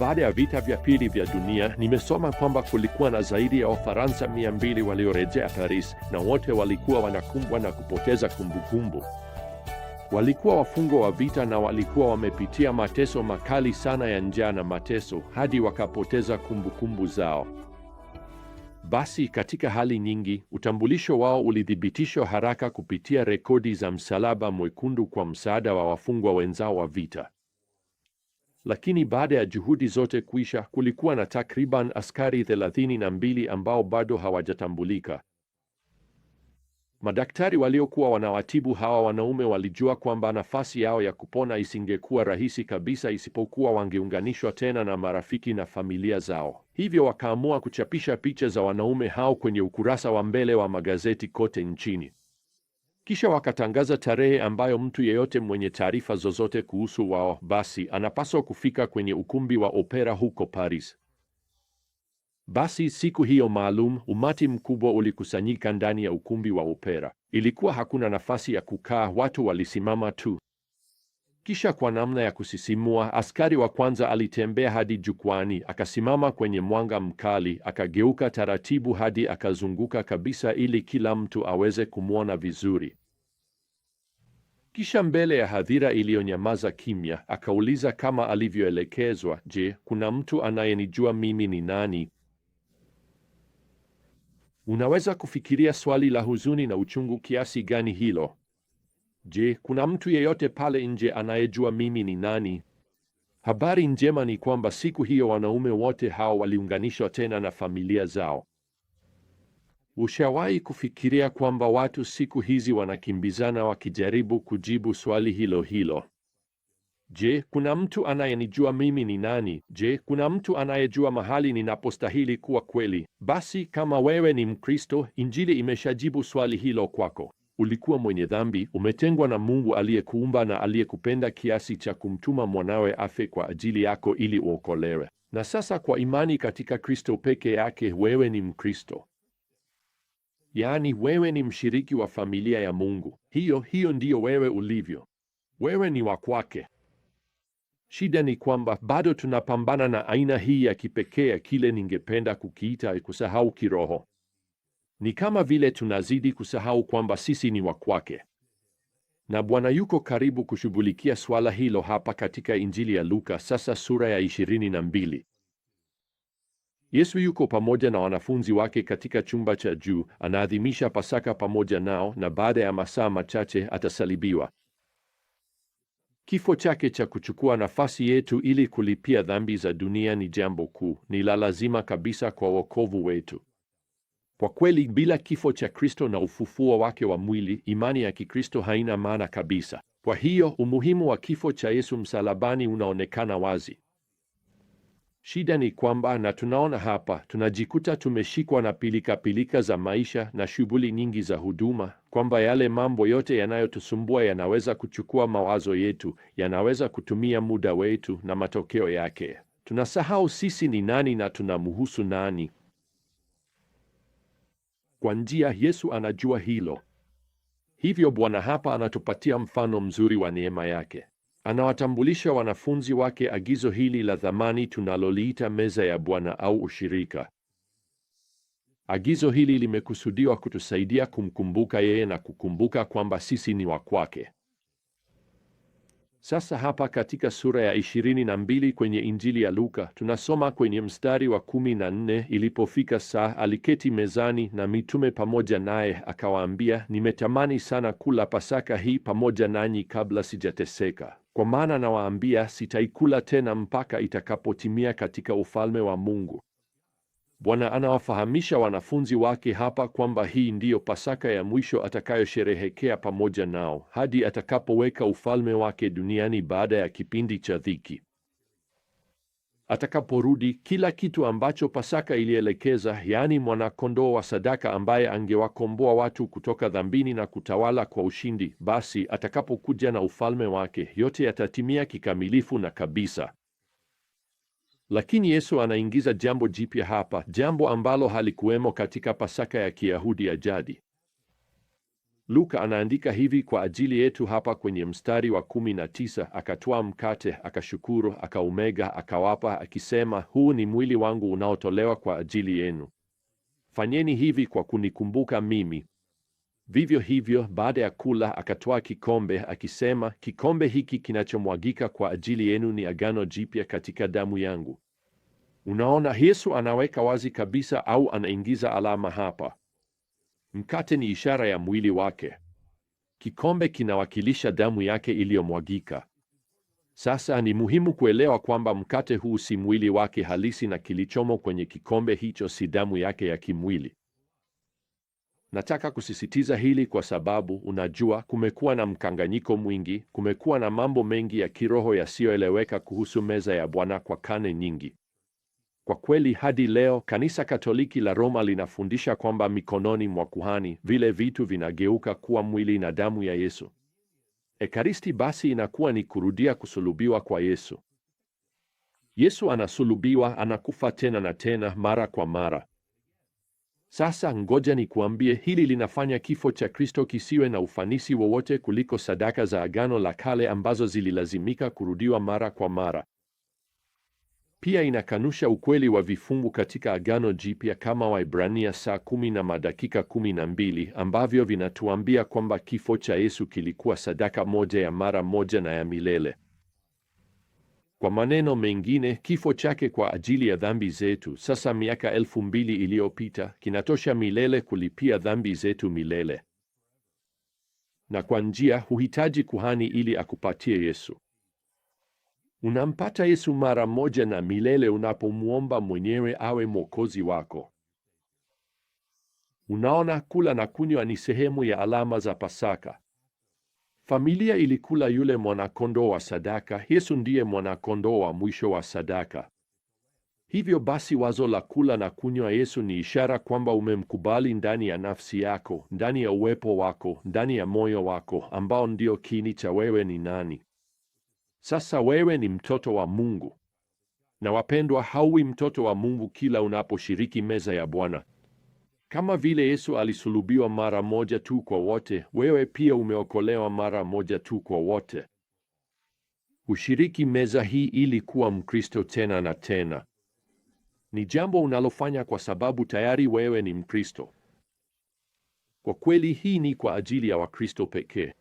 baada ya vita vya pili vya dunia, nimesoma kwamba kulikuwa na zaidi ya Wafaransa mia mbili waliorejea Paris, na wote walikuwa wanakumbwa na kupoteza kumbukumbu. Walikuwa wafungwa wa vita na walikuwa wamepitia mateso makali sana ya njaa na mateso hadi wakapoteza kumbukumbu zao. Basi katika hali nyingi, utambulisho wao ulithibitishwa haraka kupitia rekodi za Msalaba Mwekundu kwa msaada wa wafungwa wenzao wa vita. Lakini baada ya juhudi zote kuisha, kulikuwa na takriban askari thelathini na mbili ambao bado hawajatambulika. Madaktari waliokuwa wanawatibu hawa wanaume walijua kwamba nafasi yao ya kupona isingekuwa rahisi kabisa isipokuwa wangeunganishwa tena na marafiki na familia zao. Hivyo wakaamua kuchapisha picha za wanaume hao kwenye ukurasa wa mbele wa magazeti kote nchini. Kisha wakatangaza tarehe ambayo mtu yeyote mwenye taarifa zozote kuhusu wao basi anapaswa kufika kwenye ukumbi wa opera huko Paris. Basi siku hiyo maalum, umati mkubwa ulikusanyika ndani ya ukumbi wa opera. Ilikuwa hakuna nafasi ya kukaa, watu walisimama tu. Kisha kwa namna ya kusisimua, askari wa kwanza alitembea hadi jukwani, akasimama kwenye mwanga mkali, akageuka taratibu hadi akazunguka kabisa ili kila mtu aweze kumwona vizuri. Kisha mbele ya hadhira iliyonyamaza kimya, akauliza kama alivyoelekezwa, je, kuna mtu anayenijua mimi ni nani? Unaweza kufikiria swali la huzuni na uchungu kiasi gani hilo. Je, kuna mtu yeyote pale nje anayejua mimi ni nani? Habari njema ni kwamba siku hiyo wanaume wote hao waliunganishwa tena na familia zao. Ushawahi kufikiria kwamba watu siku hizi wanakimbizana wakijaribu kujibu swali hilo hilo? Je, kuna mtu anayenijua mimi ni nani? Je, kuna mtu anayejua mahali ninapostahili kuwa kweli? Basi kama wewe ni Mkristo, Injili imeshajibu swali hilo kwako. Ulikuwa mwenye dhambi, umetengwa na Mungu aliyekuumba na aliyekupenda kiasi cha kumtuma mwanawe afe kwa ajili yako ili uokolewe. Na sasa kwa imani katika Kristo peke yake, wewe ni Mkristo yaani wewe ni mshiriki wa familia ya Mungu. Hiyo hiyo ndiyo wewe ulivyo, wewe ni wa kwake. Shida ni kwamba bado tunapambana na aina hii ya kipekee ya kile ningependa kukiita kusahau kiroho. Ni kama vile tunazidi kusahau kwamba sisi ni wa kwake, na Bwana yuko karibu kushughulikia swala hilo hapa katika Injili ya Luka, sasa sura ya 22. Yesu yuko pamoja na wanafunzi wake katika chumba cha juu, anaadhimisha Pasaka pamoja nao, na baada ya masaa machache atasalibiwa. Kifo chake cha kuchukua nafasi yetu ili kulipia dhambi za dunia ni jambo kuu, ni la lazima kabisa kwa wokovu wetu. Kwa kweli, bila kifo cha Kristo na ufufuo wake wa mwili, imani ya Kikristo haina maana kabisa. Kwa hiyo, umuhimu wa kifo cha Yesu msalabani unaonekana wazi. Shida ni kwamba, na tunaona hapa, tunajikuta tumeshikwa na pilika pilika za maisha na shughuli nyingi za huduma, kwamba yale mambo yote yanayotusumbua yanaweza kuchukua mawazo yetu, yanaweza kutumia muda wetu, na matokeo yake tunasahau sisi ni nani na tunamhusu nani. Kwa njia, Yesu anajua hilo. Hivyo Bwana hapa anatupatia mfano mzuri wa neema yake anawatambulisha wanafunzi wake agizo hili la dhamani tunaloliita meza ya Bwana au ushirika. Agizo hili limekusudiwa kutusaidia kumkumbuka yeye na kukumbuka kwamba sisi ni wa kwake. Sasa hapa katika sura ya ishirini na mbili kwenye Injili ya Luka tunasoma kwenye mstari wa kumi na nne ilipofika saa, aliketi mezani na mitume pamoja naye, akawaambia, nimetamani sana kula Pasaka hii pamoja nanyi kabla sijateseka, kwa maana nawaambia, sitaikula tena mpaka itakapotimia katika ufalme wa Mungu. Bwana anawafahamisha wanafunzi wake hapa kwamba hii ndiyo Pasaka ya mwisho atakayosherehekea pamoja nao hadi atakapoweka ufalme wake duniani baada ya kipindi cha dhiki. Atakaporudi, kila kitu ambacho Pasaka ilielekeza, yaani mwanakondoo wa sadaka ambaye angewakomboa watu kutoka dhambini na kutawala kwa ushindi, basi atakapokuja na ufalme wake, yote yatatimia kikamilifu na kabisa. Lakini Yesu anaingiza jambo jipya hapa, jambo ambalo halikuwemo katika Pasaka ya Kiyahudi ya jadi. Luka anaandika hivi kwa ajili yetu hapa kwenye mstari wa kumi na tisa: akatoa mkate, akashukuru, akaumega, akawapa, akisema, huu ni mwili wangu unaotolewa kwa ajili yenu, fanyeni hivi kwa kunikumbuka mimi. Vivyo hivyo, baada ya kula akatoa kikombe akisema, kikombe hiki kinachomwagika kwa ajili yenu ni agano jipya katika damu yangu. Unaona, Yesu anaweka wazi kabisa au anaingiza alama hapa. Mkate ni ishara ya mwili wake, kikombe kinawakilisha damu yake iliyomwagika. Sasa ni muhimu kuelewa kwamba mkate huu si mwili wake halisi na kilichomo kwenye kikombe hicho si damu yake ya kimwili. Nataka kusisitiza hili kwa sababu unajua, kumekuwa na mkanganyiko mwingi, kumekuwa na mambo mengi ya kiroho yasiyoeleweka kuhusu meza ya Bwana kwa karne nyingi. Kwa kweli hadi leo Kanisa Katoliki la Roma linafundisha kwamba mikononi mwa kuhani vile vitu vinageuka kuwa mwili na damu ya Yesu. Ekaristi basi inakuwa ni kurudia kusulubiwa kwa Yesu. Yesu anasulubiwa, anakufa tena na tena, mara kwa mara. Sasa ngoja nikuambie, hili linafanya kifo cha Kristo kisiwe na ufanisi wowote kuliko sadaka za Agano la Kale ambazo zililazimika kurudiwa mara kwa mara. Pia inakanusha ukweli wa vifungu katika Agano Jipya kama Waibrania saa kumi na madakika kumi na mbili ambavyo vinatuambia kwamba kifo cha Yesu kilikuwa sadaka moja ya mara moja na ya milele. Kwa maneno mengine, kifo chake kwa ajili ya dhambi zetu sasa miaka elfu mbili iliyopita kinatosha milele kulipia dhambi zetu milele. Na kwa njia, huhitaji kuhani ili akupatie Yesu. Unampata Yesu mara moja na milele unapomwomba mwenyewe awe mwokozi wako. Unaona, kula na kunywa ni sehemu ya alama za Pasaka. Familia ilikula yule mwanakondoo wa sadaka. Yesu ndiye mwanakondoo wa mwisho wa sadaka. Hivyo basi, wazo la kula na kunywa Yesu ni ishara kwamba umemkubali ndani ya nafsi yako, ndani ya uwepo wako, ndani ya moyo wako, ambao ndio kiini cha wewe ni nani. Sasa wewe ni mtoto wa Mungu. Na wapendwa, hauwi mtoto wa Mungu kila unaposhiriki meza ya Bwana. Kama vile Yesu alisulubiwa mara moja tu kwa wote, wewe pia umeokolewa mara moja tu kwa wote. Ushiriki meza hii ili kuwa Mkristo tena na tena ni jambo unalofanya kwa sababu tayari wewe ni Mkristo. Kwa kweli, hii ni kwa ajili ya Wakristo pekee.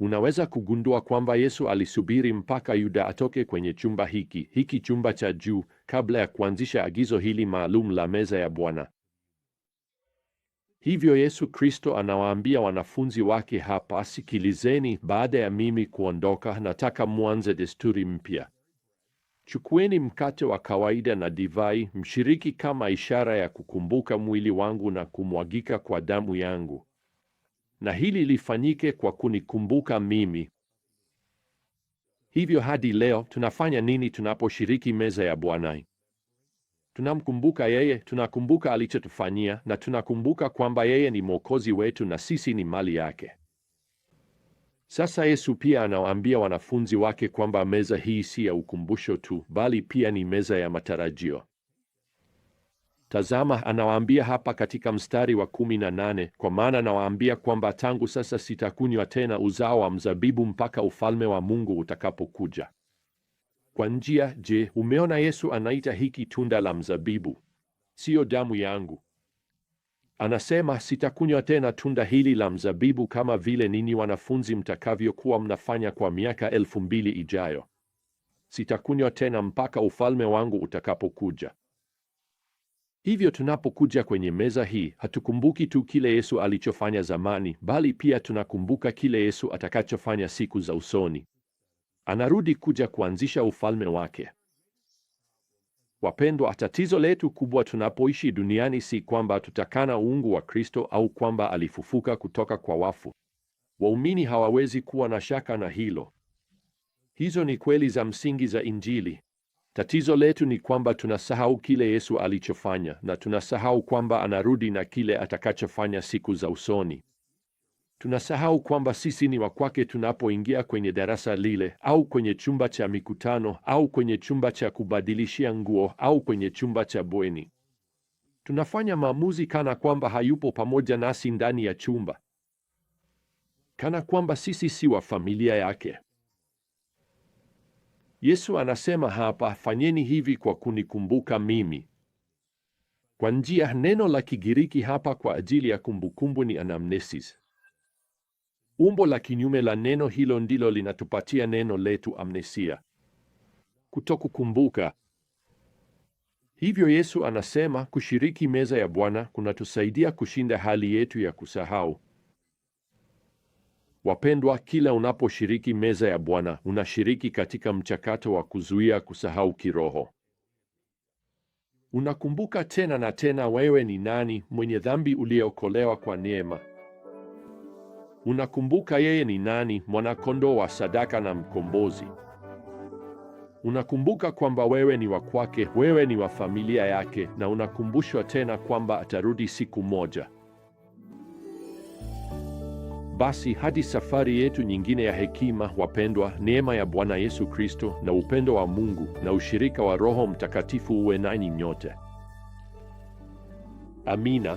Unaweza kugundua kwamba Yesu alisubiri mpaka Yuda atoke kwenye chumba hiki hiki, chumba cha juu, kabla ya kuanzisha agizo hili maalum la meza ya Bwana. Hivyo Yesu Kristo anawaambia wanafunzi wake hapa, sikilizeni, baada ya mimi kuondoka, nataka mwanze desturi mpya. Chukueni mkate wa kawaida na divai, mshiriki kama ishara ya kukumbuka mwili wangu na kumwagika kwa damu yangu. Na hili lifanyike kwa kunikumbuka mimi. Hivyo hadi leo tunafanya nini tunaposhiriki meza ya Bwana? Tunamkumbuka yeye, tunakumbuka alichotufanyia, na tunakumbuka kwamba yeye ni mwokozi wetu na sisi ni mali yake. Sasa Yesu pia anawaambia wanafunzi wake kwamba meza hii si ya ukumbusho tu, bali pia ni meza ya matarajio. Tazama, anawaambia hapa katika mstari wa kumi na nane, kwa maana nawaambia kwamba tangu sasa sitakunywa tena uzao wa mzabibu mpaka ufalme wa Mungu utakapokuja. Kwa njia, je, umeona Yesu anaita hiki tunda la mzabibu, siyo damu yangu? Anasema, sitakunywa tena tunda hili la mzabibu kama vile ninyi wanafunzi mtakavyokuwa mnafanya kwa miaka elfu mbili ijayo. Sitakunywa tena mpaka ufalme wangu utakapokuja. Hivyo tunapokuja kwenye meza hii, hatukumbuki tu kile Yesu alichofanya zamani, bali pia tunakumbuka kile Yesu atakachofanya siku za usoni anarudi kuja kuanzisha ufalme wake. Wapendwa, tatizo letu kubwa tunapoishi duniani si kwamba tutakana uungu wa Kristo au kwamba alifufuka kutoka kwa wafu. Waumini hawawezi kuwa na shaka na hilo. Hizo ni kweli za msingi za Injili. Tatizo letu ni kwamba tunasahau kile Yesu alichofanya na tunasahau kwamba anarudi na kile atakachofanya siku za usoni. Tunasahau kwamba sisi ni wa kwake tunapoingia kwenye darasa lile au kwenye chumba cha mikutano au kwenye chumba cha kubadilishia nguo au kwenye chumba cha bweni. Tunafanya maamuzi kana kwamba hayupo pamoja nasi ndani ya chumba, kana kwamba sisi si wa familia yake. Yesu anasema hapa, fanyeni hivi kwa kunikumbuka mimi. Kwa njia, neno la Kigiriki hapa kwa ajili ya kumbukumbu ni anamnesis Umbo la kinyume la neno hilo ndilo linatupatia neno letu amnesia, kutokukumbuka. Hivyo Yesu anasema kushiriki meza ya Bwana kunatusaidia kushinda hali yetu ya kusahau. Wapendwa, kila unaposhiriki meza ya Bwana unashiriki katika mchakato wa kuzuia kusahau kiroho. Unakumbuka tena na tena wewe ni nani, mwenye dhambi uliyeokolewa kwa neema. Unakumbuka yeye ni nani, mwanakondoo wa sadaka na mkombozi. Unakumbuka kwamba wewe ni wa kwake, wewe ni wa familia yake, na unakumbushwa tena kwamba atarudi siku moja. Basi hadi safari yetu nyingine ya hekima, wapendwa, neema ya Bwana Yesu Kristo na upendo wa Mungu na ushirika wa Roho Mtakatifu uwe nanyi nyote. Amina.